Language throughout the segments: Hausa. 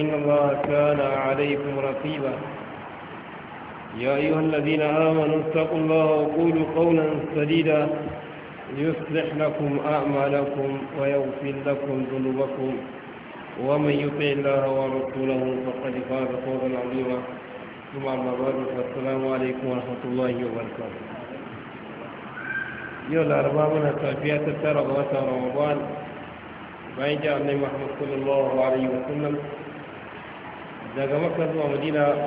إن الله كان عليكم رقيبا يا أيها الذين آمنوا اتقوا الله وقولوا قولا سديدا يصلح لكم أعمالكم ويغفر لكم ذنوبكم ومن يطع الله ورسوله فقد فاز فوزا عظيما ثم أما بعد فالسلام عليكم ورحمة الله وبركاته يا الأرباب من التعفيات الترى رمضان جاء النبي محمد صلى الله عليه وسلم daga makar zuwa madina biyu,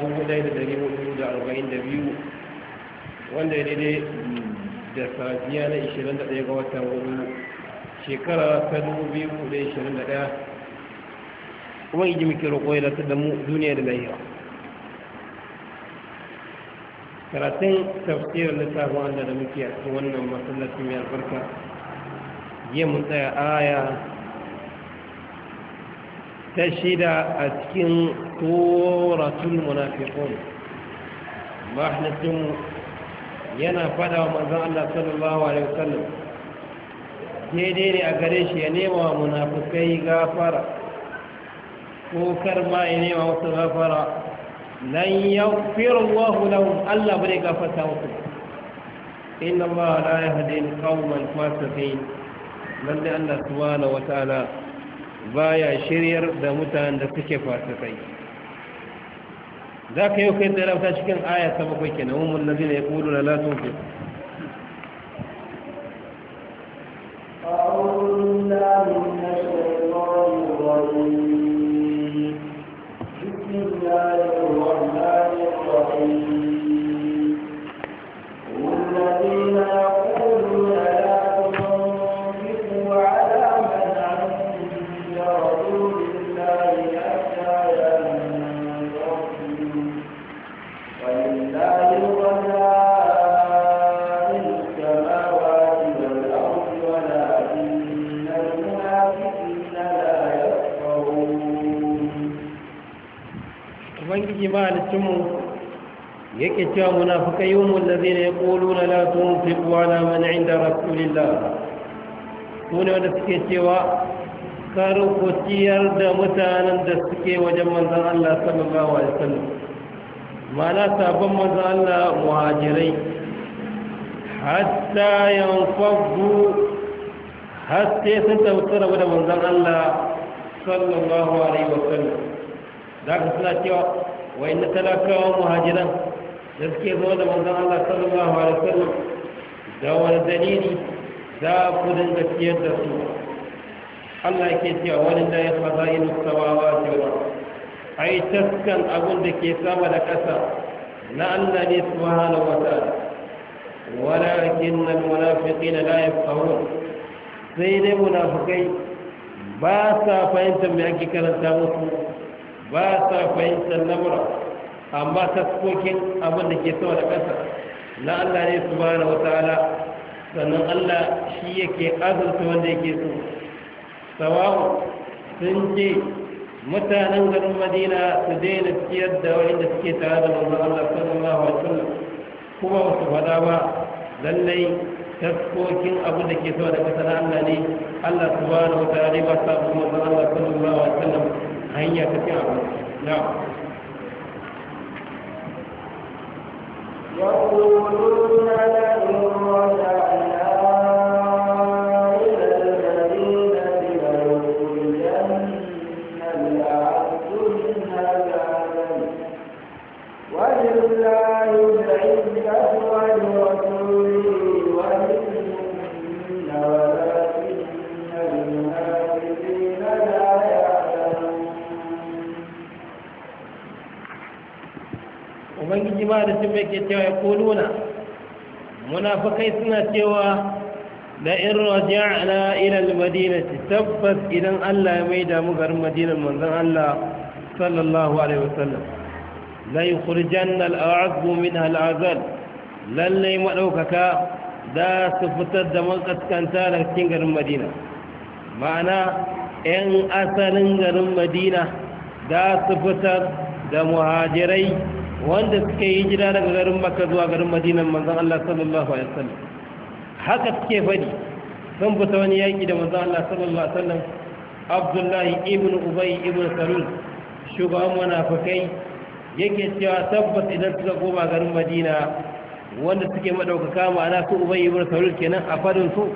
wanda ya daidai da safiya na ishirin 21 ga watan wani shekara ta dubu biyu da ishirin 2021 kuma iji muke roƙo ya latar da mu duniya da lahira karatun tafsirin littafin allah da muke a cikin wannan masallacin mai albarka ya mu tsaya aya ta shida a cikin suratul munafiqun tum yana fada wa manzon Allah sallallahu alaihi wasallam Dede ne a gare shi ya nema wa munafikai gafara ko kar ma ya nema wasu gafara lan yaghfir Allah lahum Allah bai gafarta musu inna Allah la yahdi al-qawmal fasiqin lalle Allah subhanahu wa ta'ala baya shiryar da mutanen da suke fasikai za ka yi kai rauta cikin aya ta bakwai kenan umar lazina ya kudu na latin yi yake cewa munafikai yawmul ladina yaquluna la tunfiqu ala man 'inda Su sune wanda suke cewa kar ku ciyar da mutanen da suke wajen manzon Allah sallallahu alaihi wasallam mana sabon manzon Allah muhajirai hatta yanfadu haske sun tawtsara da manzon Allah sallallahu alaihi wasallam da ka suna cewa wa inna talakawa muhajiran da suke zo da manzan Allah sallallahu alaihi wasallam da wani dalili za ku dinga ciyar da su Allah ke cewa wani da ya faza inu sawawa cewa ai taskan abin da ke sama da ƙasa na Allah ne subhanahu wa ta'ala walakin al-munafiqina la yafqahun sai dai munafikai ba sa fahimtar me ake karanta musu ba sa fahimtar lamura amma taskokin abin da ke sama da ƙasa na Allah ne su ba wata'ala sannan Allah shi yake azurta wanda yake so sawahu sun ce mutanen garin madina su daina ciyar da da suke tare da wanzu Allah sallallahu alaihi wasallam kuma wasu fada ba lallai taskokin abu da ke sama da ƙasa na Allah ne Allah su wata ala ne ba sa wanzu Allah sallallahu alaihi wasallam hanya ta fi abu يقولون لئن رجعنا ma da cin ke cewa ya kuluna munafakai suna cewa da irin raja'na ila madinati tabbas idan Allah ya mai mu garin Madina manzan Allah sallallahu alaihi wasallam la yukhrijanna al-a'z minha lalle madaukaka da su fitar da makaskanta da cikin garin Madina ma'ana 'yan asalin garin Madina da su fitar da muhajirai wanda suka yi jira daga garin makka zuwa garin madinan manzan Allah sallallahu alaihi wasallam haka suke fadi sun fita wani yaƙi da manzan Allah sallallahu alaihi wasallam Abdullahi ibn Ubay ibn Salul shugaban munafikai yake cewa tabbas idan suka koma garin Madina wanda suke madaukaka ma'ana su Ubay ibn Salul kenan a fadin su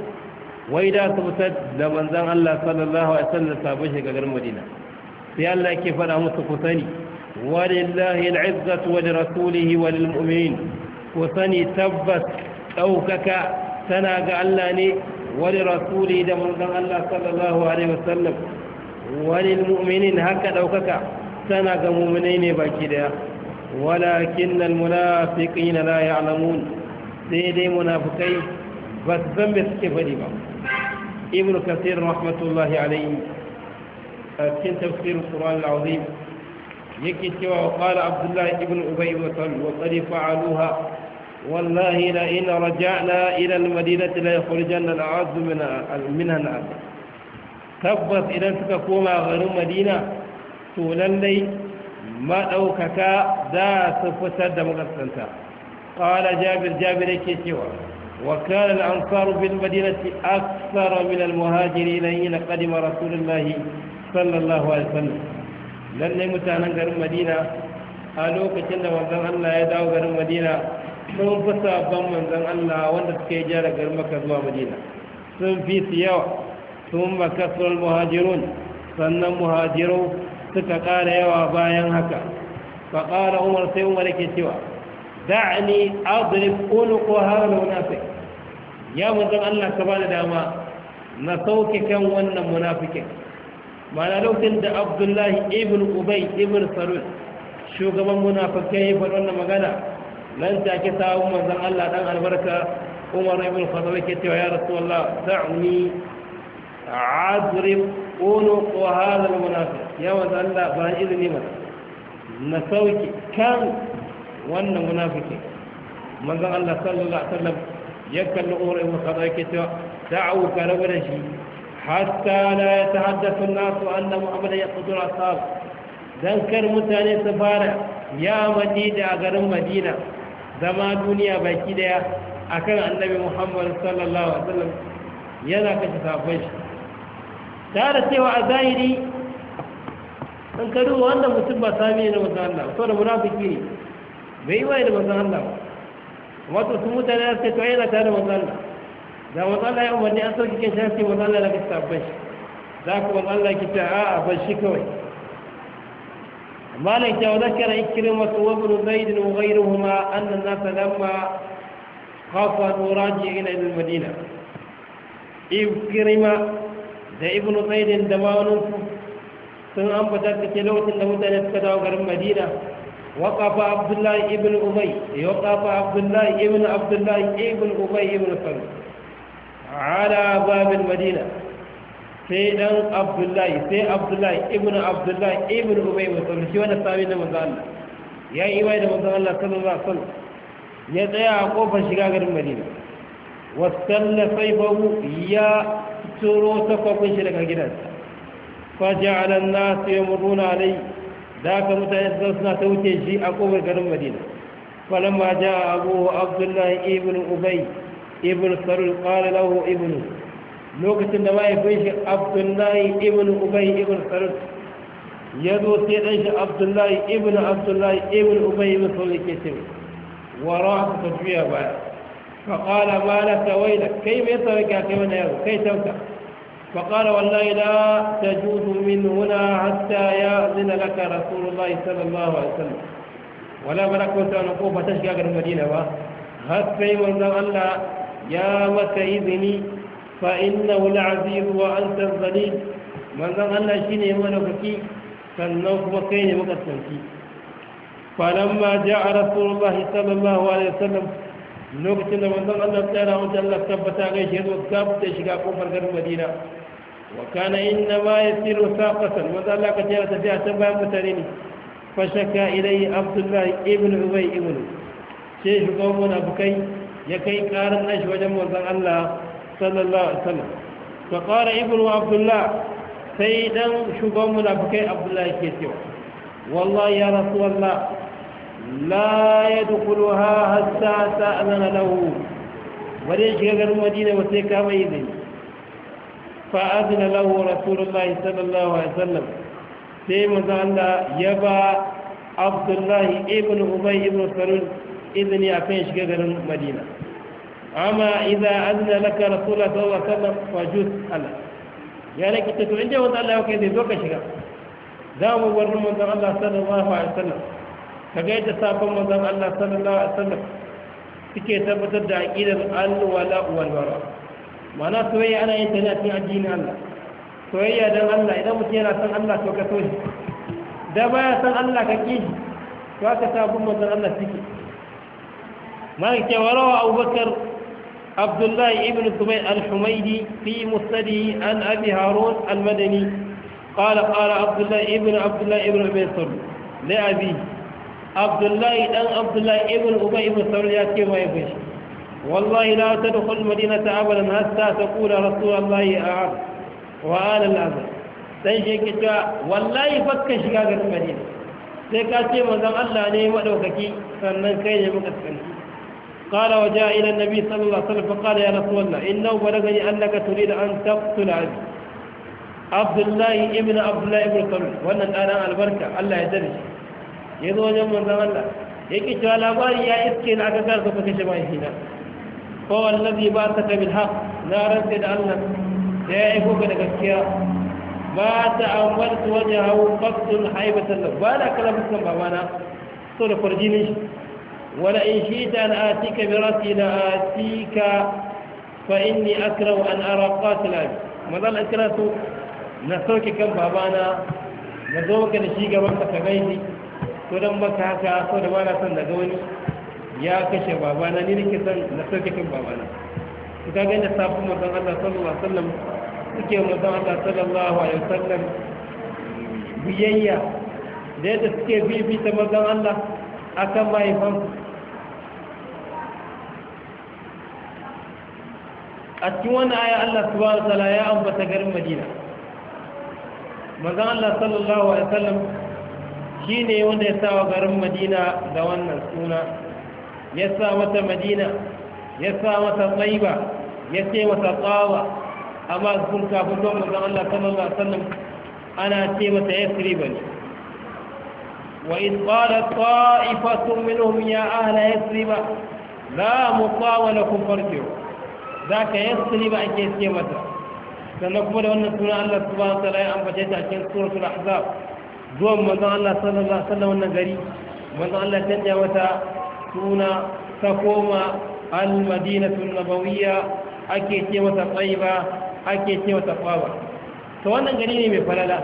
wai da su fitar da manzan Allah sallallahu alaihi wasallam sabon shiga garin Madina sai Allah ke faɗa musu ku sani ولله العزة ولرسوله وللمؤمنين وسني تبت أوكك سنا قالني ولرسوله دمنا الله صلى الله عليه وسلم وللمؤمنين هكذا أوكك سنا قمؤمنين باكدا ولكن المنافقين لا يعلمون سيدي منافقين بس ذنب سكفري ابن كثير رحمة الله عليه كنت تفسير القرآن العظيم yake cewa wa qala abdullah ibn ubay ibn salul wa qad fa'aluha wallahi la in raja'na ila al-madinati la yakhrujanna al-a'z min al-minha al tabbas idan suka koma garin madina to lallai maɗaukaka da su fitar da magaskanta ƙala jabir jabir yake cewa وكان الأنصار في المدينة أكثر من المهاجرين حين قدم رسول الله صلى الله عليه وسلم lallai mutanen garin madina a lokacin da manzon allah ya dawo garin madina sun fi sabon manzon allah wanda suka yi jara garin maka zuwa madina sun fi su yawa sun makasar muhajirun sannan muhajiru suka ƙara yawa bayan haka fa ƙara umar sai umar yake cewa da'ani adrib unuqu hadha munafiq ya manzon allah ka bani dama na sauke kan wannan munafikin mana lokacin da abdullahi ibn ubay ibn sarus shugaban munafakai ya faɗi wannan magana nan take samu manzon Allah ɗan albarka Umar ibn Khattab ke cewa ya Rasulullah da'uni azrib unuq ko al-munafiq ya manzon Allah ba izini ba na sauki kan wannan munafiki manzon Allah sallallahu alaihi wasallam ya kalli Umar ibn Khattab ke cewa da'u ka rabu da shi hatta la ya ta an-nasu anna muhammadan yaqtulu ashab dan kar mutane su fara ya mani da garin madina zama duniya baki daya akan annabi muhammad sallallahu alaihi yana kashe sabon shi tare cewa a zahiri an karu wanda mutum ba sami ne na mazan Allah so da munafiki ne bai yi waye da mazan Allah wato su mutane da suka yana tare da mazan Allah da wanzu Allah ya umarni an sauki kai shafi wanzu Allah daga sabbai za ku wanzu Allah ki ta a ban shi kawai مالك وذكر إكرمة وابن زيد وغيرهما أن الناس لما خافوا أن راجعين إلى المدينة إكرمة da ibn zaidin da mawaninsu sun ambata da ke lokacin da mutane suka dawo garin madina waƙafa abdullahi ibn umai ya waƙafa abdullahi ibn abdullahi ibn umai ibn salu ala babin madina sai dan abdullahi sai abdullahi ibn abdullahi ibn ubay wa sallu shi wannan sahabi na manzo Allah ya yi imani da manzo Allah sallallahu alaihi wasallam ya tsaya a kofar shiga garin madina wasalla saifahu ya turo takwabin shi daga gidansa Fa faja'ala an-nas yamurruna alai da ka mutane su suna ta wuce shi a kofar garin madina falamma ja'a abu abdullahi ibn ubay ibn sarul qala lahu lokacin da mahaifin shi abdullahi ibn ubay ibn sarul ya zo sai dan shi abdullahi ibn abdullahi ibn ubay ibn sarul ke ce wa ra'a ta juya baya fa qala ma la tawayla kai me yasa kake kai wannan yaro kai tanka فقال والله لا تجوز من هنا حتى يأذن لك رسول الله صلى الله عليه وسلم ولا ملك ga نقوم ba? المدينة حتى يمنى Allah. ya maka izini fa inna al-aziz wa anta al Allah shi ne shine malafiki sannan kuma kai ne ma makasarki falamma ja'a rasulullah sallallahu alaihi wasallam lokacin da manzon Allah tsara wata Allah tabbata gai shi zo gab da shiga kofar garin Madina wa kana inna ma yasiru saqatan manzon Allah ka tsaya tafiya ta bayan mutane ne fa shakka ilai abdullah ibn ubay ibn sai shugaban munafikai ya kai karin nashi wajen manzon Allah sallallahu alaihi wasallam fa qala ibnu abdullah sai dan shugaban munafikai abdullah ke cewa wallahi ya rasulullah la yadkhuluha hatta ta'lana lahu bare shiga garin madina ba sai kama mai izini fa adna lahu rasulullah sallallahu alaihi wasallam sai manzon Allah ya ba abdullah ibnu ubay ibnu sarul izini a kan shiga garin madina amma idan azina laka rasula sallallahu alaihi wasallam fajus Allah ya nake ta to inda wanda Allah ya kai zai zo ka shiga za mu bar manzon Allah sallallahu alaihi wasallam kaga yadda sabon manzon Allah sallallahu alaihi wasallam suke tabbatar da aqidar al-wala wal bara mana soyayya ana yin ta ne a cikin addinin Allah soyayya dan Allah idan mutum yana san Allah to ka so shi da baya san Allah ka ki to aka sabon manzon Allah suke مالك وروى أبو بكر عبد الله بن سمير الحميدي في مسنده عن أبي هارون المدني قال قال عبد الله بن عبد الله بن أبي سلم لأبي عبد الله بن عبد الله بن أبي بن سلم يأتي ما يبش والله لا تدخل المدينة أبدا حتى تقول رسول الله أعاد وآل الأذى تنشي كتا والله فك شقاق المدينة sai ka ce mazan Allah ne maɗaukaki sannan kai ne muka tsanci قال وجاء إلى النبي صلى الله عليه وسلم فقال يا رسول الله إنه بلغني أنك تريد أن تقتل عبد عبد الله ابن عبد الله ابن قبل وأن الآن البركة الله يدرج يدو جمع الله yake cewa labari ya iske na aka zarta kuka shi mai hina ko wallazi ba ta ta bil haq na rantsa da Allah da ya aiko ga gaskiya ba ta amartu ba babana so da ولئن شئت أن آتيك برأسي لآتيك فإني أكره أن أرى قاتلا ماذا الأكرة نسوك كم بابانا نزوك نشيك وانتك غيري تودن maka haka so da bana son daga wani ya kashe babana ni nake son na sauke kan babana su kaga inda safin mazan Allah suke mazan Allah sallallahu alaihi wasallam biyayya da yadda suke bibita mazan Allah akan mahaifansu a cikin wannan aya Allah subhanahu wataala ya ambata garin Madina manzon Allah sallallahu alaihi wasallam ne wanda ya sawa garin Madina da wannan suna ya sa mata Madina ya sa mata Taiba ya ce mata Qawa amma sun kafin don manzon Allah sallallahu alaihi wasallam ana ce mata ba ne wa iz qalat ta'ifatun minhum ya ahala ba? ahla Yathrib la kun farji'u za ka yasri ba ake ce mata sannan kuma da wannan suna Allah subhanahu wa ta'ala ya ambace ta cikin suratul ahzab zuwan manzon Allah sallallahu alaihi wasallam wannan gari manzon Allah canja mata suna ta koma al-madinatu nabawiyya ake ce mata tsayiba ake ce mata kwaba to wannan gari ne mai falala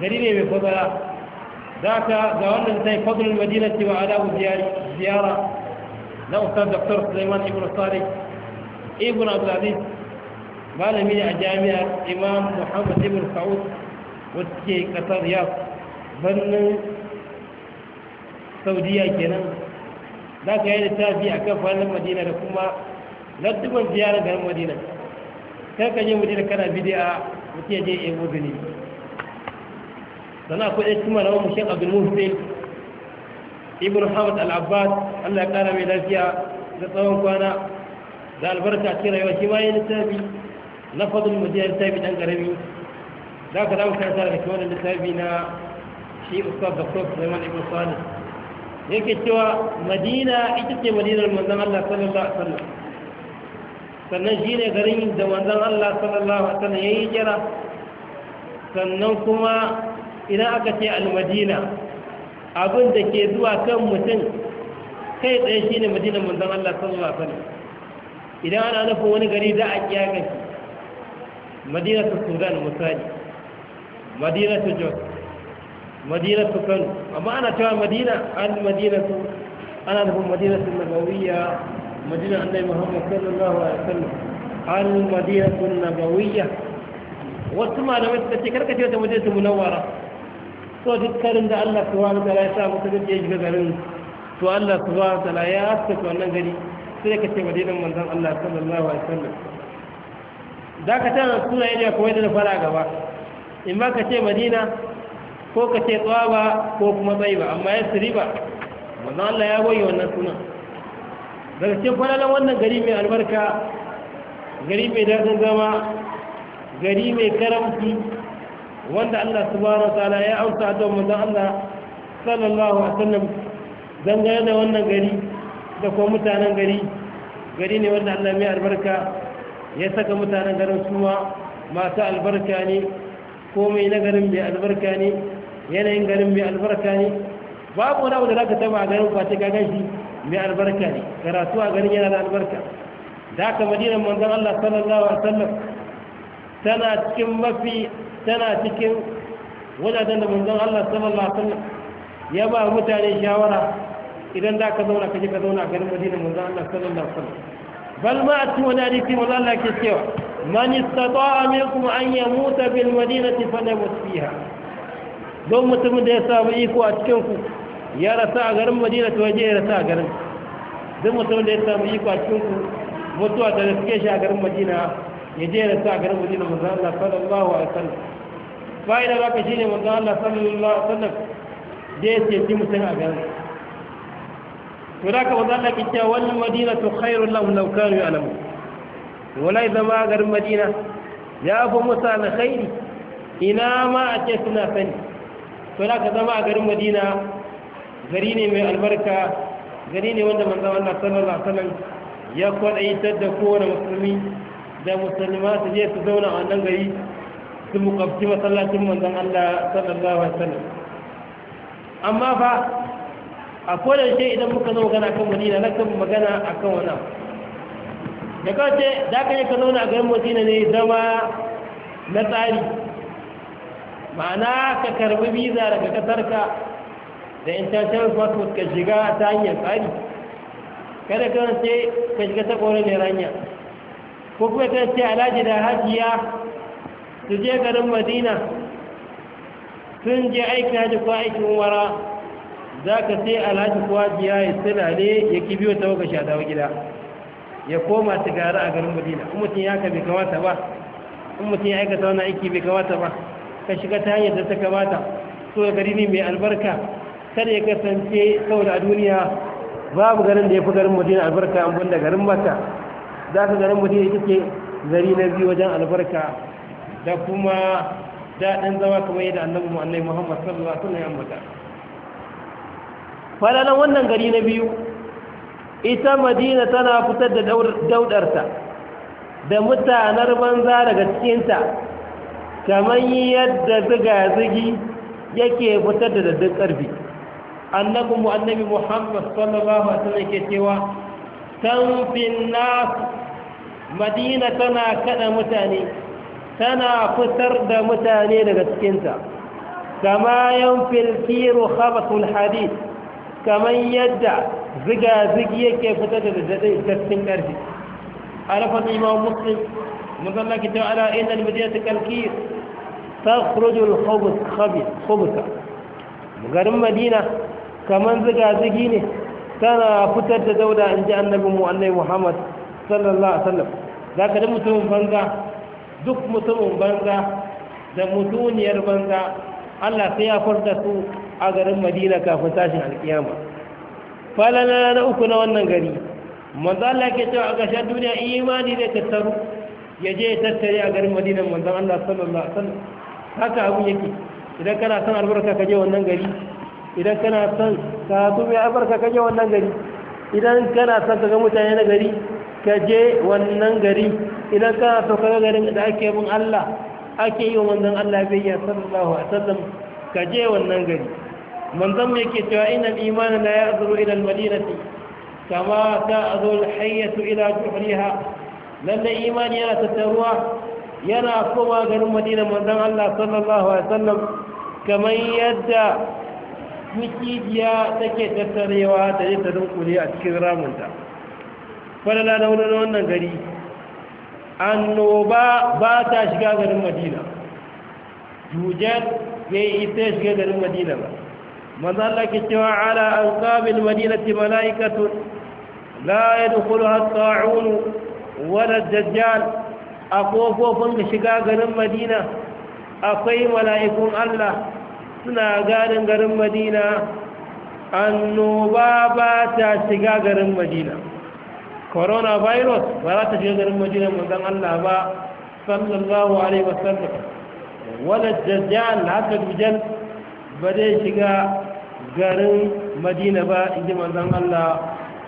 gari ne mai ka falala ذاك قولنا زي فضل المدينة وعلاه زيارة لو أستاذ دكتور سليمان ابن الصالح ibn abdulaziz malami ne a jami'ar imam muhammad ibn sa'ud wacce ke kasar riyadh birnin saudiya kenan za ka yi littafi a kan falon madina da kuma ladduban ziyarar garin madina kan kan yi madina kana bidiya mutu ya je ya yi gani sannan akwai ɗan cimma na mushin abdul muhsin ibn hamad al-abbas allah ya ƙara mai lafiya da tsawon kwana da albarka ce rayuwa shi ma ya littafi na fadul mujiyar littafi dan ƙarami. za ka damu kan tara da kuma littafi na shi ustaz da prof zaman ibn salih yake cewa madina ita ce madinar manzon Allah sallallahu alaihi wasallam sannan shi ne garin da manzon Allah sallallahu alaihi wasallam yi jira sannan kuma idan aka ce al-madina abin da ke zuwa kan mutum kai tsaye shi shine madinar manzon Allah sallallahu alaihi wasallam idan ana nufin wani gari za a kiyaga shi madinatu sudan misali madinatu jos madinatu kano amma ana cewa madina an madinatu ana nufin madinatu nagawiya madina annai muhammad sallallahu alaihi wasallam al madinatu nagawiya wasu malamai suka ce karkace wata madinatu munawwara so karin da Allah subhanahu wa ta'ala ya sa mutum ya shiga garin to Allah subhanahu wa ta'ala ya haskaka wannan gari sai ka ce madinan manzan Allah sallallahu alaihi wasallam za ka tana suna iliya kuma yadda da fara gaba in ba ka ce madina ko ka ce tsaba ko kuma ba amma ya siri ba manzan Allah ya goyi wannan suna daga cikin falalan wannan gari mai albarka gari mai daɗin zama gari mai karamci wanda Allah subhanahu ta'ala ya amsa don manzan Allah sallallahu alaihi wasallam dangane da wannan gari da kuma mutanen gari gari ne wanda allah mai albarka ya saka mutanen garin suma masu albarka ne komai na garin mai albarka ne yanayin garin mai albarka ne babu wani abu da za ka taba a garin kwace ka gashi mai albarka ne karatu a garin yana da albarka da aka madinan manzan allah sallallahu alaihi wasallam tana cikin mafi tana cikin wajajen da manzan allah sallallahu alaihi wasallam ya ba mutane shawara idan za ka zauna ka ka zauna a garin madina manzo Allah sallallahu alaihi wasallam bal ma a cikin wani mu Allah ke cewa man istata'a minkum an yamuta bil madinati falyamut fiha don mutumin da ya samu iko a cikin ku ya rasa a garin madina to waje ya rasa a garin Don mutumin da ya samu iko a cikin ku mutuwa ta riske shi a garin madina ya je ya rasa a garin madina Allah sallallahu alaihi wasallam fa'ida ba ka shine manzo Allah sallallahu alaihi wasallam ya ce mutum a garin to da ka wanzu Allah ke cewa wannan madina to khairun lahum law a ya'lamu wallahi zama garin madina ya fi musa na alkhairi ina ma a ce suna sani to da ka zama a garin madina gari ne mai albarka gari ne wanda manzo Allah sallallahu alaihi wasallam ya kwadaitar da kowane musulmi da musulma su je su zauna a wannan gari su mukabci masallacin manzon Allah sallallahu alaihi wasallam amma fa a kodayaushe idan muka zo magana kan madina na kan magana a kan wana da kawace za ka yi ka zauna a garin madina ne zama na tsari ma'ana ka karbi biza daga kasarka da international passport ka shiga ta hanyar tsari kada ka ce ka shiga ta ƙoron mai ranya ko kuma ka ce alhaji da hajiya su je garin madina sun je aikin hajji ko aikin wara za ka sai alhaji kuwa biya ya silale ya ki biyo ta wakashi a dawo gida ya koma ta gara a garin madina in mutum ya ka bai kamata ba in mutum ya aikata wani aiki bai kamata ba ka shiga ta hanyar da ta kamata so da gari ne mai albarka kada ya kasance saboda a duniya babu garin da ya fi garin madina albarka an bunda garin mata za ka garin madina ya kike zari na biyu wajen albarka da kuma daɗin zama kamar yadda annabi mu annabi muhammad sallallahu alaihi wasallam ya ambata falalan wannan gari na biyu ita madina tana fitar da daudarta da mutanar banza daga cikinta kamar yadda zigazigi yake fitar da daddun ƙarfi annabi mu annabi muhammad sallallahu alaihi wasallam ke cewa tanfin nas madina tana kada mutane tana fitar da mutane daga cikinta kama yan filkiru khabatul hadith kamar yadda ziga-zigi yake fitar da daddadai gaskin ƙarfi a rafin imam muslim musamman kitab ala inda almidiyar ta kalki ta kurojul hobusa garin madina kamar ziga-zigi ne tana fitar da dauda in ji annabi mu annai muhammad sallallahu ala'asallam za ka da mutumin banza duk mutumin banza da mutuniyar banza allah sai ya farta su a garin madina kafin tashin alkiyama falala na uku na wannan gari manzan Allah ke cewa a gashin duniya imani zai tattaru ya je tattare a garin madina manzan Allah sallallahu alaihi wasallam haka abu yake idan kana son albarka ka je wannan gari idan kana son ka tumi albarka ka je wannan gari idan kana son ka ga mutane na gari ka je wannan gari idan kana son ka ga garin da ake bin Allah ake yi wa manzan Allah biyayya sallallahu alaihi wasallam ka je wannan gari manzon yake cewa inal iman la ya ila idan madinati kama ta'zuru al-hayyatu ila juhriha lalle imani yana tattaruwa yana koma garin madina manzon Allah sallallahu alaihi wasallam kamar yadda mikijiya take tattarewa da ita dunkule a cikin ramunta falala da wurin wannan gari annoba ba ta shiga garin madina jujen ya yi ita shiga garin madina ba manzo Allah ke cewa ala an anqabil madinati malaikatu la yadkhuluha at-ta'un wala ad-dajjal a kofofin da shiga garin Madina akwai mala'ikun Allah suna ganin garin Madina annoba ba ta shiga garin Madina coronavirus ba za ta shiga garin Madina manzon Allah ba sallallahu alaihi wasallam wala dajjal haka dujal ba zai shiga garin madina ba inji manzan Allah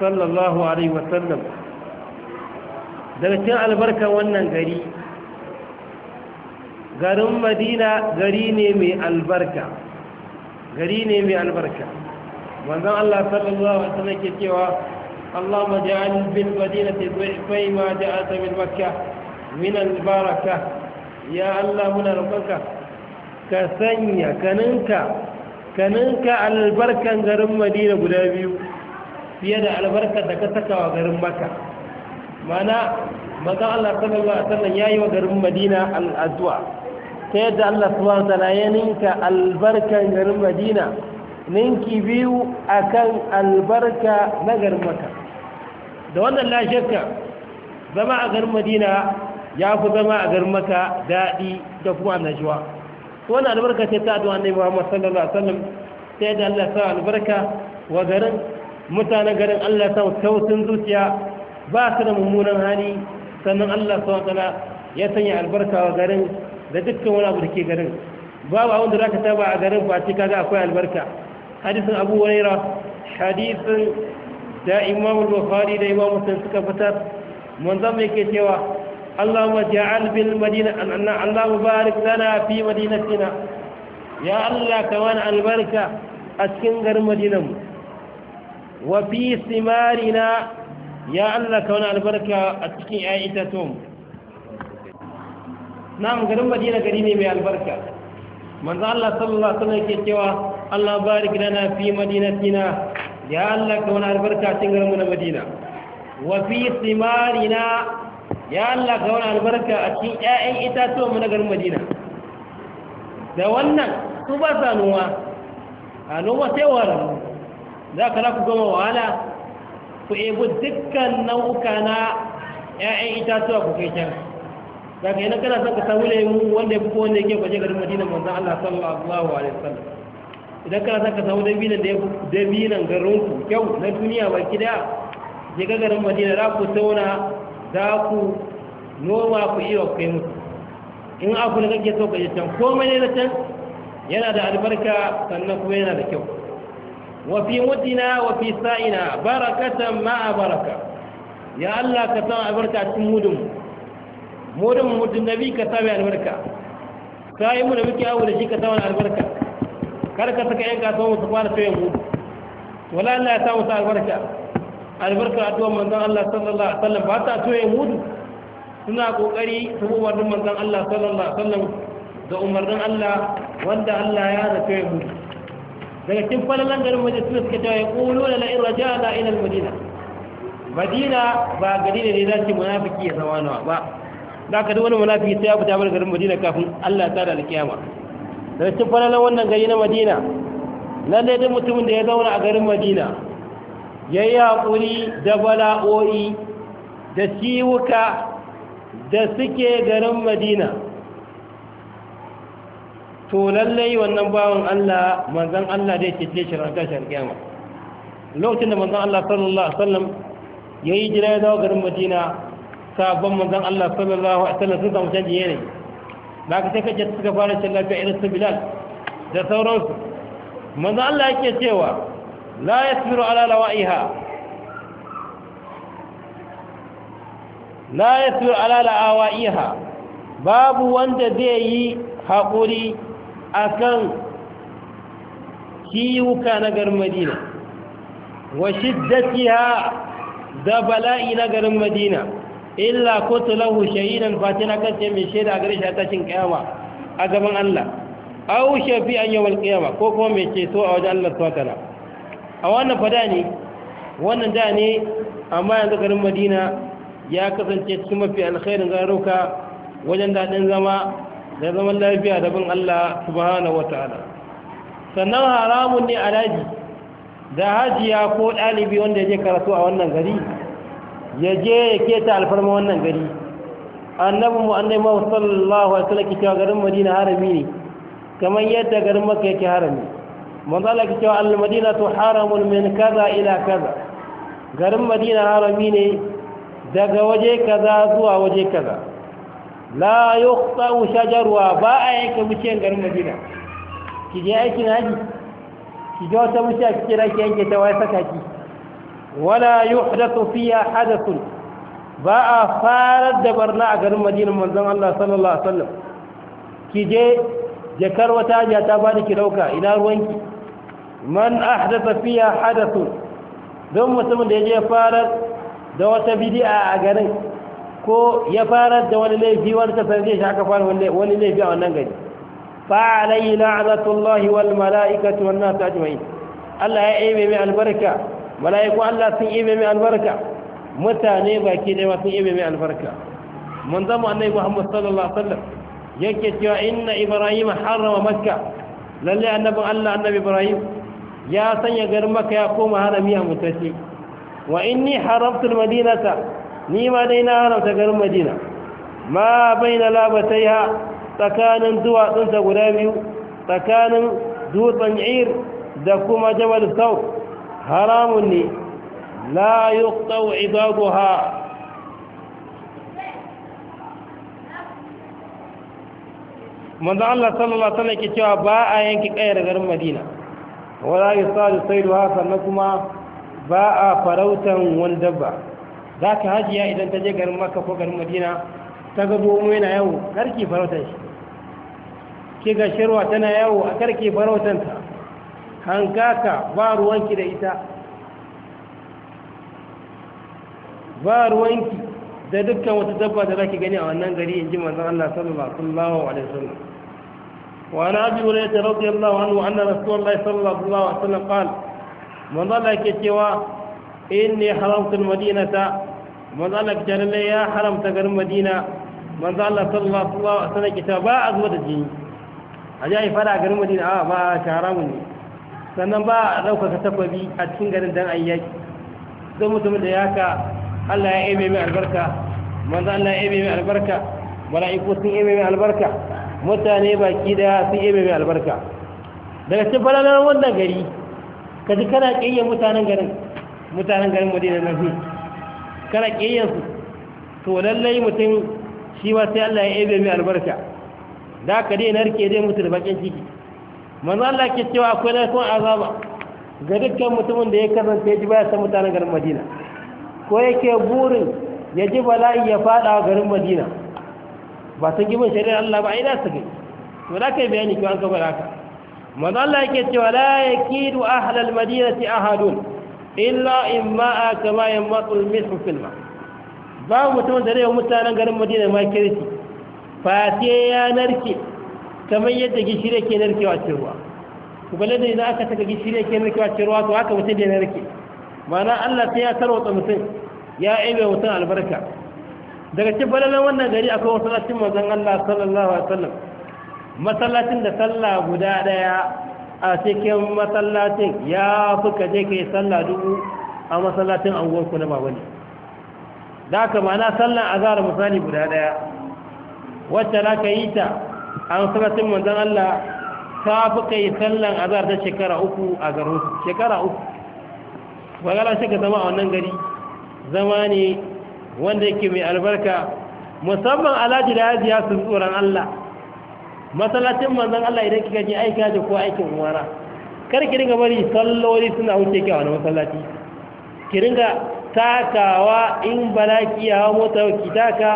sallallahu alaihi wasallam daga cikin albarkar wannan gari garin madina gari ne mai albarka gari ne mai albarka manzan Allah sallallahu alaihi wasallam ke cewa اللهم اجعل بالمدينة ضعفي ما جاءت من مكة من البركة يا الله من ربك ka sanya ganinka ka ninka albarkan garin madina guda biyu fiye da albarkar da ka saka wa garin maka mana maza Allah sallallahu alaihi wasallam yayi wa garin madina al'addu'a ta yadda Allah subhanahu wa ya ninka albarkan garin madina ninki biyu akan albarka na garin maka da wannan la zama a garin madina ya fi zama a garin maka daɗi da kuma annashuwa Wani albarka ce ta addu'a annabi Muhammad sallallahu alaihi wasallam sai da Allah sa albarka wa garin mutanen garin Allah sa tausin zuciya ba su da mummunan hali sannan Allah sa wa ya sanya albarka wa garin da dukkan wani abu da ke garin babu abin da za ka taba a garin ba ce kaga akwai albarka hadisin abu wuraira hadisin da imam bukhari da imam muslim suka fitar manzon mai ke cewa Allahumma ja'al bil madina anna Allahu barik lana fi madinatina ya Allah ka wani albarka a cikin garin madinan mu wa fi simarina ya Allah ka wani albarka a cikin ya itatun na'am garin madina gari ne mai albarka manzo Allah saboda alaihi wasallam yake cewa Allah barik lana fi madinatina ya Allah ka wani albarka a cikin garin mu na madina wa fi simarina ya Allah ka wani albarka a cikin ƴaƴan itatuwan mu na garin Madina da wannan su ba sa noma a noma sai wahala za ka za ku gama wahala ku ebu dukkan nau'uka na ƴaƴan itatuwa ku kai can za ka yi na kana son ka samu lemu wanda ya fi wanda ya ke kwaje garin Madina manzon Allah sallallahu alaihi wasallam idan kana son ka samu dabinan da ya fi dabinan ku kyau na duniya baki daya je ga garin Madina za ku tauna za ku noma ku iya kai musu in abu da kake so ka yi can komai ne na can yana da albarka sannan kuma yana da kyau wa fi mutina wa fi sa'ina barakatan a baraka ya Allah ka sa albarka cikin mudun mudun mudun nabi ka sa mai albarka sai mu da muke awo da shi ka sa mai albarka kar ka saka yan kasuwa su fara sayan mu. wala Allah ya sa musu albarka albarkar addu'ar manzon Allah sallallahu alaihi wasallam ba ta toye mudu suna kokari su umarnin wannan manzon Allah sallallahu alaihi wasallam da umarnin Allah wanda Allah ya rafe mu daga cikin falalan garin waje suna suka ta yaqulu la in raja'na ila al-madina madina ba gari ne da zai munafiki ya zama nawa ba da ka wani munafiki sai ya fita bar garin madina kafin Allah ya da alkiyama daga cikin falalan wannan gari na madina lalle duk mutumin da ya zauna a garin madina ya yi da bala'o'i da ciwuka da suke garin madina to lallai wannan bawan Allah manzan Allah da dai cece shi rantar sharkiyama lokacin da manzan Allah sallallahu Alaihi wasallam ya yi jira ya dawo garin madina sabon manzan Allah sallallahu Alaihi wasallam sun samu canji yanayi da aka sai kacce suka fara shan lafiya irin su bilal da sauransu manzan Allah ya ke cewa la yasmiru ala lawaiha la yasmiru babu wanda zai yi haƙuri akan kiyuka na garin madina wa shiddatiha da bala'i na garin madina illa kutu lahu shahidan fatina kace mai shaida a garin tashin kiyama a gaban Allah aw shafi'an yawmal qiyama ko kuma mai ceto a wajen Allah subhanahu a wannan fada ne wannan da ne amma yanzu garin madina ya kasance cikin mafi alkhairin garuka wajen daɗin zama da zaman lafiya da bin allah subhanahu wa ta'ala sannan haramun ne a da hajiya ko ɗalibi wanda ya je karatu a wannan gari ya je ya keta alfarma wannan gari annabi mu annai ma sallallahu alaihi wasallam ke cewa garin madina harami ne kamar yadda garin makka yake harami manzala ke cewa al-madina to haramun min kaza ila kaza garin madina harami ne daga waje kaza zuwa waje kaza la yuqta'u shajarwa ba a yanke bishiyar garin madina ki je aiki na haji ki je wata bishiya ki kira ki yanke ta wai saka ki wala yuhdathu fiha hadathun ba a fara da barna a garin madina manzon Allah sallallahu alaihi wasallam ki je jakar wata hajiya ta bada ki dauka ina ruwanki man ahdasa fiya hadathu don mutumin da ya je farar da wata bid'a a garin ko ya farar da wani laifi wani ta sanze shi aka fara wani laifi a wannan gari fa alayhi la'natullahi wal mala'ikati wan nas ajma'in Allah ya aime mai albarka mala'iku Allah sun aime mai albarka mutane baki da sun aime mai albarka mun zama annabi Muhammad sallallahu alaihi wasallam yake cewa inna ibrahima harrama makka lalle annabin Allah annabi ibrahim ya sanya garin maka ya koma harami a mutace wa inni haramtul madinata ni ma dai na haramta garin madina ma baina labataiha tsakanin duwatsunta guda biyu tsakanin dutsen ir da kuma jabal sau haramun ne la yuqtau idaguha manzo Allah sallallahu alaihi wasallam ke cewa ba a yanki kayar garin Madina wala ya sa da sai duha kuma ba a farautan wani dabba za ka hajiya idan ta je garin maka ko garin madina ta ga domo yana yawo karki farautan shi ki ga shirwa tana yawo a karki farautanta hankaka ba ruwanki da ita ba ruwanki da dukkan wata dabba da za ki gani a wannan gari in ji manzan Allah sallallahu alaihi wasallam وعن ابي هريره رضي الله عنه ان رسول الله صلى الله عليه وسلم قال من ظل كتوى اني حرمت المدينه من ظل كتوى يا حرمت غير المدينه من ظل صلى الله عليه وسلم كتوى ازمه الدين ajai fara garin madina a ba sharamu ne sannan ba ɗauka ka takwabi a cikin garin dan an yaki don mutumin da ka allah ya aime mai albarka manzan allah ya aime mai albarka sun aime mai albarka mutane baki daya sun ebe mai albarka daga cikin falalar wannan gari ka ji kana ƙiyyar mutanen garin mutanen garin madina na fi kana ƙiyyarsu to lallai mutum shi ba sai Allah ya ebe mai albarka da ka dai narke dai mutu da bakin ciki manzo Allah ke cewa akwai narkon azaba ga dukkan mutumin da ya kasance ji baya san mutanen garin madina ko yake burin ya ji bala'i ya fada garin madina ba ta gibin shari'ar Allah ba yi da su gani to da yi bayani kiwa an kafa haka manzo Allah yake cewa la madina ahlal a hadun illa a kama yin matsul mithu filma ma ba mutum da rewa mutanen garin Madina ma kirki fa ce ya narke kamar yadda gishiri ke narkewa cikin ruwa bala da idan aka saka gishiri ke narkewa cikin ruwa to haka mutum da narke ma'ana Allah sai ya tarwata mutum ya aibe mutum albarka daga cikin falalan wannan gari akwai masallacin manzon Allah sallallahu alaihi wasallam masallacin da sallah guda daya a cikin masallacin ya fi ka je kai sallah dubu a masallacin anguwar ku na babani da haka mana sallan azhar misali guda daya wacce za ka yi ta a masallacin manzon Allah ta fi kai sallan azhar ta shekara uku a garin shekara uku ba gara shi ka zama a wannan gari zama ne wanda yake mai albarka musamman alhaji da hajiya sun tsoron Allah masallacin manzan Allah idan kika ji aiki haji ko aikin umara kar ki ringa bari salloli suna wuce ki a wani masallaci ki ringa takawa in balaki ya hawo mota ki taka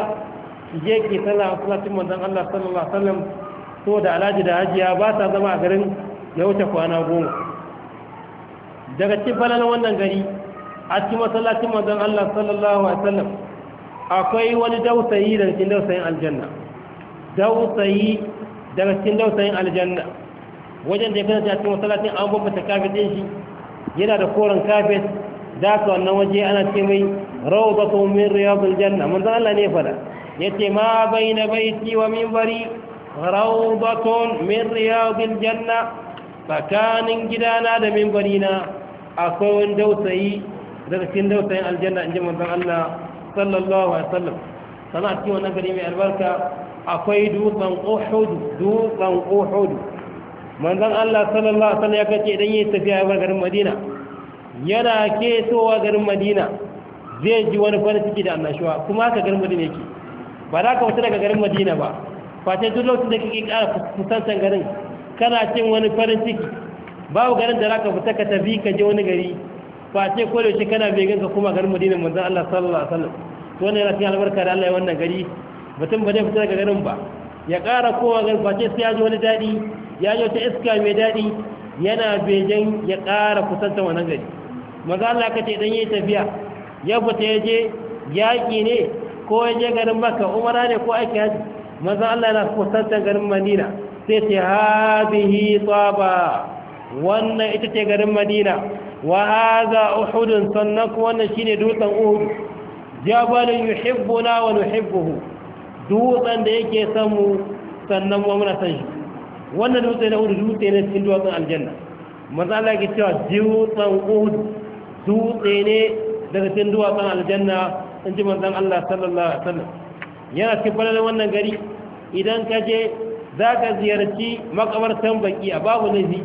ki je ki sallah masallacin manzan Allah sallallahu alaihi wasallam to da alhaji da hajiya ba sa zama a garin ya wuce kwana goma daga cikin falalan wannan gari a cikin masallacin manzan Allah sallallahu alaihi wasallam akwai wani dausayi daga cikin dausayin aljanna dausayi daga cikin dausayin aljanna wajen da ya kasance a cikin masallacin an bambata kafet din shi yana da koren kafet za ka wannan waje ana ce mai rawdatu min riyadil janna zan Allah ne fada ce ma bai na bai baiti wa minbari rawdatun min riyadil janna tsakanin gidana da min bari na, akwai wani dausayi daga cikin dausayin aljanna in ji mun zan Allah sallallahu alaihi wasallam sana a cikin wannan gari mai albarka akwai dutsen uhud dutsen uhud manzon Allah sallallahu alaihi wasallam ya kace idan yayi tafiya ya garin Madina yana ketowa garin Madina zai ji wani farin ciki da annashuwa kuma haka garin Madina yake ba za ka fita daga garin Madina ba face duk lokacin da kike kara kusantan garin kana cin wani farin ciki babu garin da za ka fita ka tafi ka je wani gari Face ce ko shi kana bai ka kuma garin madina manzon Allah sallallahu alaihi wasallam to wannan yana cikin albarka da Allah ya wannan gari mutum ba zai fita daga garin ba ya ƙara kowa garin ba sai ya ji wani daɗi ya ji wata iska mai daɗi yana begin ya ƙara kusanta wannan gari maza Allah ka ce dan yi tafiya ya fita ya je yaƙi ne ko ya je garin maka umara ne ko aiki haji maza Allah yana kusanta garin madina sai ta hadihi tsaba wannan ita ce garin madina wa hadha uhud sannan wannan shine dutsen uhud jabalun yuhibbuna wa nuhibbuhu dutsen da yake san mu sannan mu muna san shi wannan dutse na uhud dutse ne cikin dutsen aljanna manzo Allah yake cewa dutsen uhud dutse ne daga cikin dutsen aljanna in ji manzon Allah sallallahu alaihi wasallam yana cikin bala wannan gari idan ka je za ka ziyarci makabartan baki a babu laifi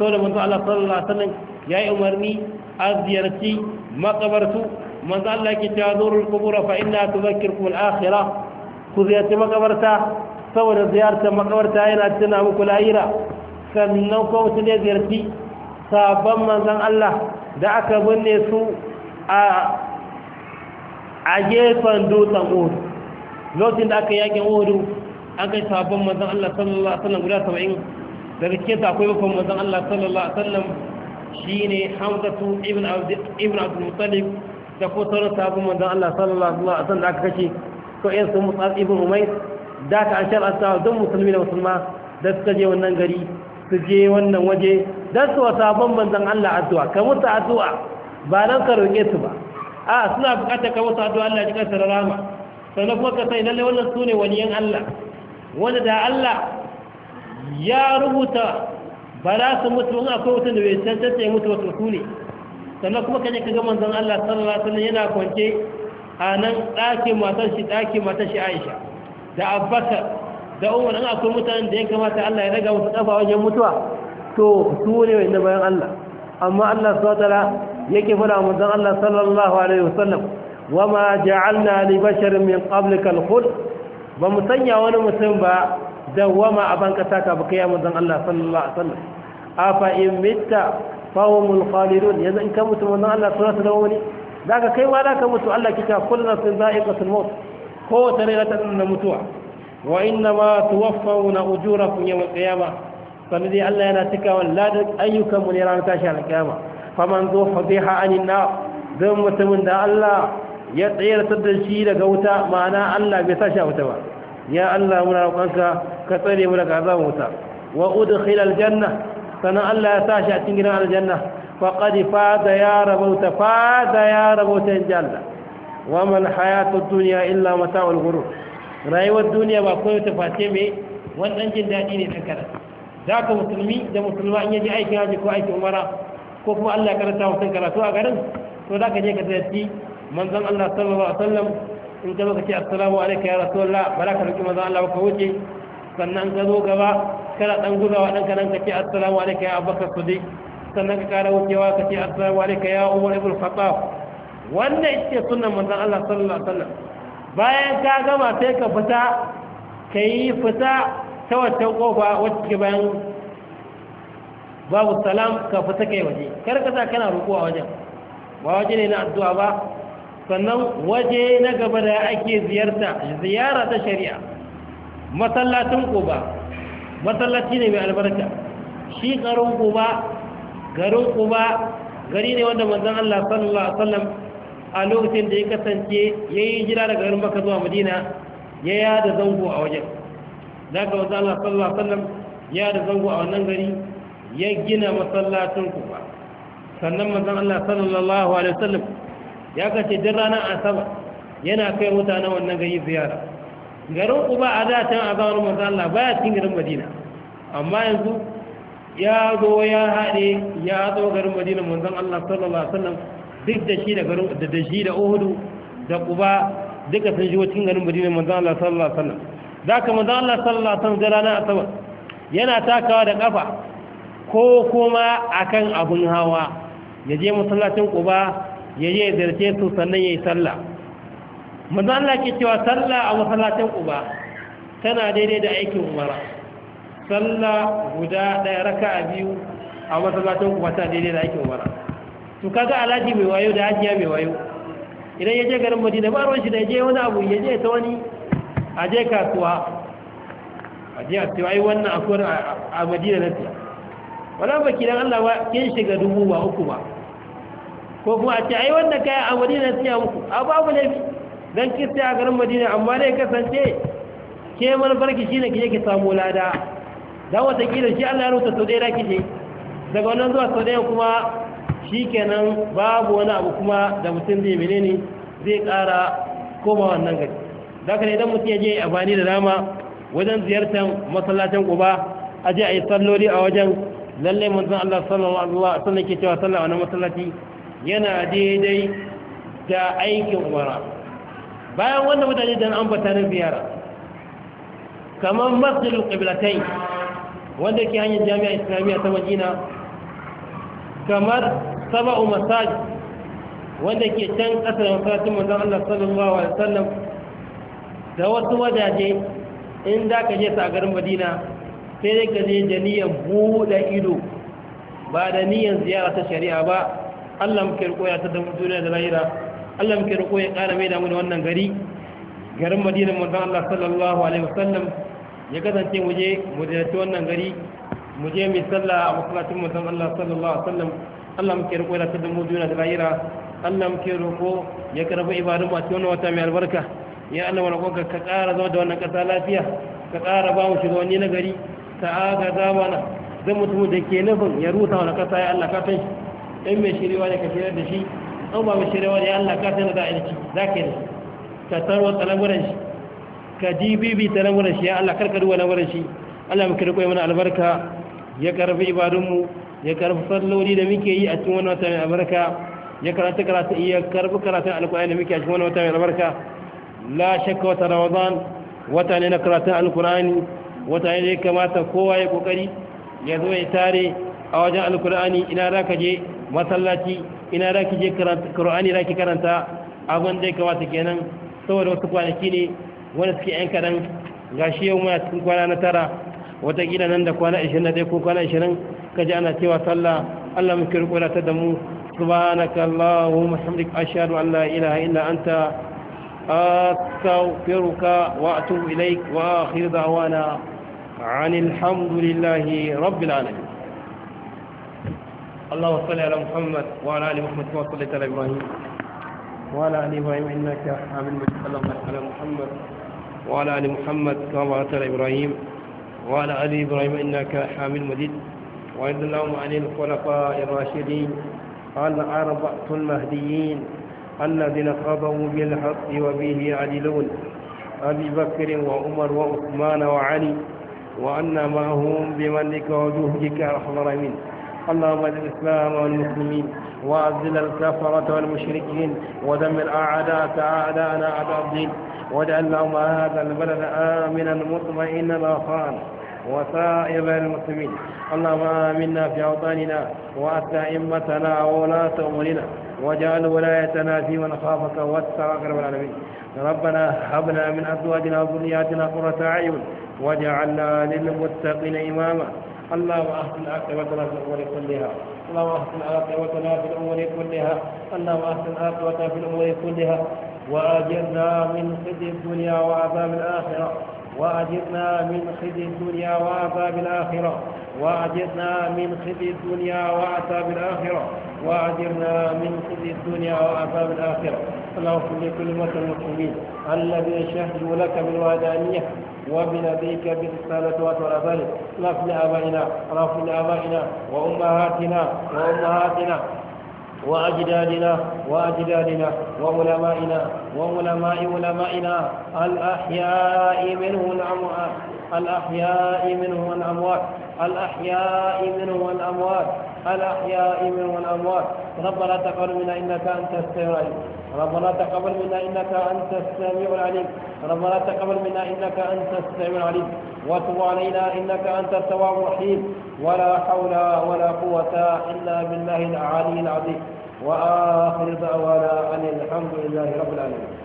saboda manzo Allah sallallahu alaihi wasallam yayi umarni a ziyarci makabartu manzo Allah yake cewa zurul qubur fa inna tudhakkirukum al-akhirah ku ziyarci makabarta saboda ziyartar makabarta yana tuna muku lahira sannan kuma su ne ziyarci sabon manzon Allah da aka binne su a a gefen dutsen Uhud lokacin da aka yakin Uhud an kai sabon manzon Allah sallallahu alaihi wasallam guda 70 daga cikin akwai bakon manzon Allah sallallahu alaihi wasallam shine Hamzatu ibn Abd da ko sauran sahabban manzon Allah sallallahu alaihi wasallam da aka kace ko ɗan su Mus'ab ibn Umayr da ka an shar'a sa don musulmi da musulma da suka je wannan gari su je wannan waje dan su wa sahabban manzon Allah addu'a ka musu addu'a ba dan ka roƙe su ba a suna buƙatar ka musu addu'a Allah ya ji kansa da rahama sannan kuma ka sai lalle wannan sune waliyan Allah wanda da Allah ya rubuta ba za su mutu wani akwai wutan da bai cancanta ya mutu wasu su ne sannan kuma kan ka kaga manzan Allah sallallahu alaihi wasallam yana kwance a nan ɗakin matar shi ɗakin matar shi Aisha da abbasa da Umar an akwai mutanen da ya kamata Allah ya daga musu ɗafa wajen mutuwa to su ne wanda bayan Allah amma Allah subhanahu wataala yake fara manzon Allah sallallahu alaihi wasallam wama ja'alna li basharin min qablikal khuld ba mu sanya wani mutum ba dawwama a ban kasa ka baka ya manzon Allah sallallahu alaihi wasallam A in mitta fahumul khalidun yanzu in ka mutu manzon Allah suna alaihi wasallam ne zaka kai ma zaka mutu Allah kika kullu nafsin za'iqatul maut ko tare da tan na mutuwa wa inna ma tuwaffawna ujurakum yawm al-qiyamah sanin dai Allah yana cikawa ladan ayyukan mu ne ranar tashi al-qiyama faman zuhdiha anin na don mutumin da Allah ya tsayar da shi daga wuta ma'ana Allah bai sa shi a wuta ba ya Allah muna roƙonka ka tsare mu daga azabar wuta wa udkhil aljanna sanan Allah ya sa shi a cikin gidan aljanna faqad fada ya rabauta fada ya rabauta in jalla wa man hayatu dunya illa mata'ul ghurur rayuwar duniya ba koyo ta face me wannan jin dadi ne dan kada ka musulmi da musulma in yaji aikin haji ko aikin umara ko kuma Allah ya karanta mutum karatu a garin to zaka je ka tsaya manzon Allah sallallahu alaihi wasallam in ka zo ka ce assalamu alaikum ya rasulullah ba za ka roki manzon Allah ba ka wuce sannan ka zo gaba kana dan gudawa dan kanan ka ce assalamu alaikum ya abubakar siddiq sannan ka kara wucewa ka ce assalamu alaikum ya umar ibn khattab wannan ita sunnan manzon Allah sallallahu alaihi wasallam bayan ka gama sai ka fita ka yi fita ta wata kofa wacce ke bayan babu salam ka fita kai waje kar ka sa kana roƙo a wajen ba waje ne na addu'a ba sannan waje na gaba da ake ziyarta ziyara ta shari'a masallacin kuba masallaci ne mai albarka shi garin kuba garin kuba gari ne wanda manzon Allah sallallahu alaihi wasallam a lokacin da ya kasance ya yi jira daga garin maka zuwa Madina ya yada zango a wajen daga manzon Allah sallallahu alaihi wasallam ya yada zango a wannan gari ya gina masallacin kuba sannan manzon Allah sallallahu alaihi wasallam ya kace duk ranar asabar yana kai mutanen wannan gari ziyara garin uba a da can a zamanin manzo Allah baya cikin garin Madina amma yanzu ya zo ya haɗe ya zo garin Madina manzon Allah sallallahu alaihi wasallam duk da shi da garin da shi da uhudu da kuba duka sun shigo cikin garin Madina manzon Allah sallallahu alaihi wasallam zaka manzon Allah sallallahu alaihi wasallam da ranar asabar yana takawa da kafa ko kuma akan abun hawa ya je masallacin kuba. ya ya zarce su sannan ya yi sallah manzo Allah ke cewa sallah a masallacin uba tana daidai da aikin umara sallah guda ɗaya raka a biyu a masallacin uba tana daidai da aikin umara to kaga alhaji mai wayo da hajiya mai wayo idan ya je garin madina ba ruwan shi da ya je wani abu ya je ta wani a je kasuwa a je a ce wai wannan akwai a madina na siya wala baki dan Allah ba kin shiga dubu ba uku ba ko kuma a ce ai wannan kayan a madina siya muku a babu laifi don ki a garin madina amma dai kasance ke manufarki shi ne ki yake ki samu lada don watakila shi allah ya rubuta sau ɗaya ki je daga wannan zuwa sau ɗaya kuma shi kenan babu wani abu kuma da mutum zai menene zai ƙara koma wannan gari da ka idan mutum ya je a bani da dama wajen ziyartar masallacin kuba a je a yi salloli a wajen lallai san allah sallallahu alaihi wa sallam ke cewa sallah wannan masallaci yana daidai da aikin wara bayan wanda mutane don ambata na biyar kamar al ƙiblatai wanda ke hanyar jami'a islamiyya ta madina kamar saba'u masaj wanda ke can kasar masarautar manzan allah sallallahu alaihi wasallam da wasu wajaje in da ka je sa a garin madina sai dai ka je da niyyar buɗe ido ba da niyan ziyara ta shari'a ba Allah muke riko ya da lahira Allah muke riko ya ƙara mai damu da wannan gari garin Allah sallallahu alaihi wasallam ya kasance mu je mu ziyarci wannan gari mu je mu sallah a masallacin mu Allah sallallahu alaihi wasallam Allah muke riko ya tada mu duniya da lahira Allah muke riko ya karbi ibadun mu a cikin wata mai albarka ya Allah wani kwanka ka ƙara zama da wannan lafiya ka ba mu na gari ta aga zamana zan mutum da ke nufin ya rusa wani kasa ya Allah ka san shi in mai shirewa ne ka shirar da shi an ba mai shirewa ne allah ka sanar da aiki za ka yi da ka tarwa talamuran shi ka dibibi talamuran shi ya allah karka duba lamuran shi allah mu rikoyi mana albarka ya karfi ibadunmu ya karfi salloli da muke yi a cikin wani wata mai albarka ya karanta karatu iya karfi karatun alkur'ani da muke a cikin wani wata mai albarka la shakka wata ramadan wata ne na karatun alkur'ani wata ne da ya kamata kowa ya kokari ya zo ya tare a wajen alkur'ani ina za ka je masallaci ina za ki je kur'ani za ki karanta abin da ya kamata kenan saboda wasu kwanaki ne wanda suke yan kaɗan ga shi yau muna cikin kwana na tara watakila nan da kwana ashirin na ɗaya ko kwana ashirin ka ji ana cewa sallah allah muke rikuratar da mu سبحانك اللهم وبحمدك أشهد أن لا إله إلا أنت أستغفرك وأتوب إليك وآخر دعوانا عن الحمد لله رب العالمين اللهم صل على محمد وعلى ال محمد كما صليت على ابراهيم وعلى ال ابراهيم انك حميد مجيد اللهم صل على محمد وعلى ال محمد كما صليت على ابراهيم وعلى ال ابراهيم انك حميد مجيد وارض اللهم عن الخلفاء الراشدين الاربعه المهديين الذين قضوا بالحق وبه يعدلون ابي بكر وعمر وعثمان وعلي وأن معهم بمنك وجهدك أرحم الراحمين اللهم اعز الاسلام والمسلمين واذل الكفره والمشركين ودمر اعداءك اعداءنا اعداء الدين واجعل لهم هذا البلد امنا مطمئنا رخاء وسائر المسلمين اللهم آمنا في أوطاننا وأتى أئمتنا وولاة أمورنا واجعل ولايتنا في من خافك واتقاك رب العالمين ربنا هبنا من أزواجنا وذرياتنا قرة أعين واجعلنا للمتقين إماما اللهم أحسن عاقبتنا في الأمور كلها اللهم أحسن عاقبتنا في الأمور كلها اللهم أحسن عاقبتنا في الأمور كلها وأجرنا من خزي الدنيا وعذاب الآخرة وأجرنا من خزي الدنيا وعذاب الآخرة وأجرنا من خزي الدنيا وعذاب الآخرة وأجرنا من خزي الدنيا وعذاب الآخرة اللهم صل امه المسلمين الذي شهدوا لك بالوحدانية وبنبيك بالرسالة وأطول ذلك اللهم لآبائنا اللهم وأمهاتنا وأمهاتنا وأجدادنا وأجدادنا وعلمائنا وعلماء علمائنا الأحياء منه الأموات الأحياء منه الأموات الأحياء منه الأموات الأحياء منهم والأموات ربنا تقبل منا إنك أنت السميع العليم ربنا تقبل منا إنك أنت السميع العليم ربنا تقبل منا إنك أنت السميع العليم وتب علينا إنك أنت التواب الرحيم ولا حول ولا قوة إلا بالله العلي العظيم وآخر دعوانا أن الحمد لله رب العالمين